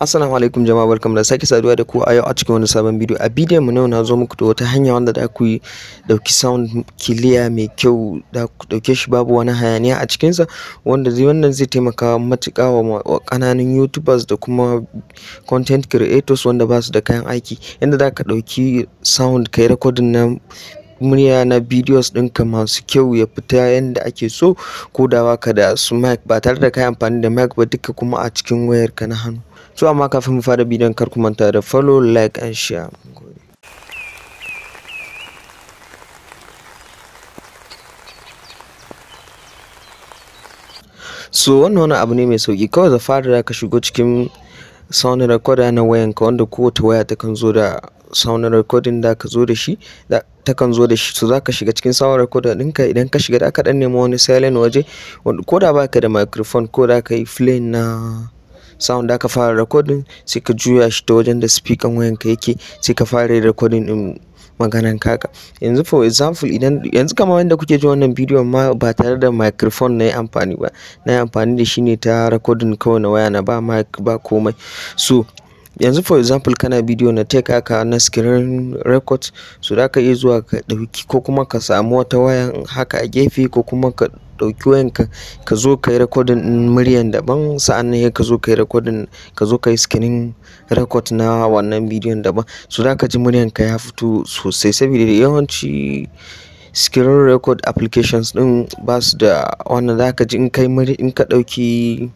Assalamu alaikum jama'a barkamu da sake saduwa da ku a yau a cikin wani sabon bidiyo. A bidiyon mu na zo muku da wata hanya wanda da ku dauki sound clear mai kyau da ku dauke shi babu wani hayaniya a cikin sa wanda zai wannan zai taimaka matuka wa kananan YouTubers da kuma content creators wanda ba su da kayan aiki. Yanda za ka dauki sound kai recording na murya na ɗin ɗinka masu kyau ya fita yanda ake so ko da baka da su mic ba tare da ka amfani da mic ba duka kuma a cikin wayar ka na hannu. So amma kafin mu fara bidiyon kar ku manta da follow like and share. So wannan wani abu ne mai sauki kawai da fara ka shigo cikin sound kwada na wayanka wanda kowace waya ta kan zo da sound recording da ka zo da shi takan zo da shi to zaka shiga cikin sound recorder ɗinka idan ka shiga da ka dan nemo wani silent waje ko da baka da microphone ko da ka yi play na sound da ka fara recording sai ka juya shi ta wajen da speaker ka yake sai ka fara recording din maganan kaka yanzu for example idan yanzu kamar wanda kuke ji wannan bidiyon ma ba tare da microphone na yi amfani ba na amfani da shi ne ta recording kawai na waya na ba mic ba komai so yanzu for example kana bidiyo na take aka na screen record so da ka iya zuwa ka ɗauki ko kuma ka samu wata waya haka a gefe ko kuma ka ɗauki wayanka ka zo ka yi recording din muryan daban sa'an nan ka zo ka yi recording ka zo ka yi screen record na wannan bidiyon daban so da ka ji ka ya fito sosai saboda yawanci screen record applications din ba su da wannan za ka ji in in ka dauki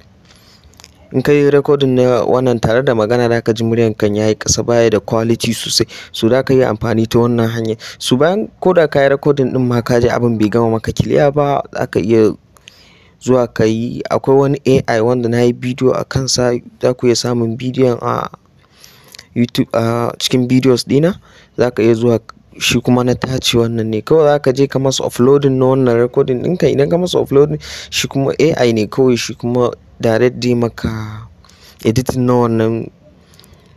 in ka yi rekodin na wannan tare da magana da ka ji muryan kan yi kasa baya da kwaliti sosai su da ka yi amfani ta wannan hanyar su bayan ko da ka yi rekodin din ma ka ji abin bai gama maka kiliya ba za ka iya zuwa ka yi akwai wani AI wanda na yi bidiyo a kansa za ku iya samun bidiyon a YouTube a cikin bidiyos dina za ka iya zuwa shi kuma na tace wannan ne kawai za ka je ka masa offloading na wannan recording ɗinka idan ka masa offloading shi kuma AI ne kawai shi kuma direct dai maka editing na wannan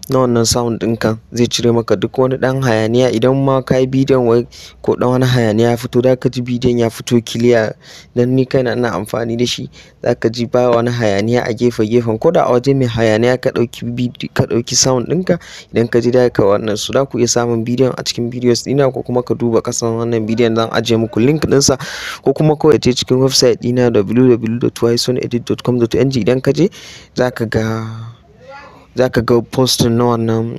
na wannan sound ɗin zai cire maka duk wani dan hayaniya idan ma ka yi bidiyon wai ko ɗan wani hayaniya ya fito zaka ji bidiyon ya fito kiliya dan ni kaina ina amfani da shi za ji ba wani hayaniya a gefe gefen ko da a waje mai hayaniya ka ɗauki ka ɗauki sound ɗinka idan ka ji da ka wannan su za ku iya samun bidiyon a cikin videos dina ko kuma ka duba kasan wannan bidiyon zan ajiye muku link ɗinsa ko kuma kawai je cikin website ɗina www.wiseonedit.com.ng idan ka je zaka ga za ka ga postin na wannan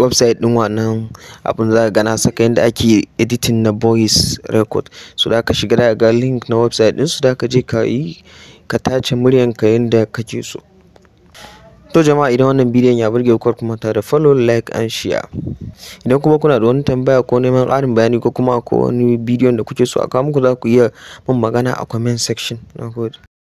website ɗin wannan abun za ka gana saka yadda ake editing na boys record. su da ka shiga za ga link na website su za ka je ka yi ka tace ka yanda kake so. To jama'a idan wannan bidiyon ya burge ku kuma tare da follow, like and share. Idan kuma kuna da wani tambaya ko neman ƙarin bayani ko kuma ko wani bidiyon da kuke so a kawo muku za ku iya min magana a comment section. Na gode.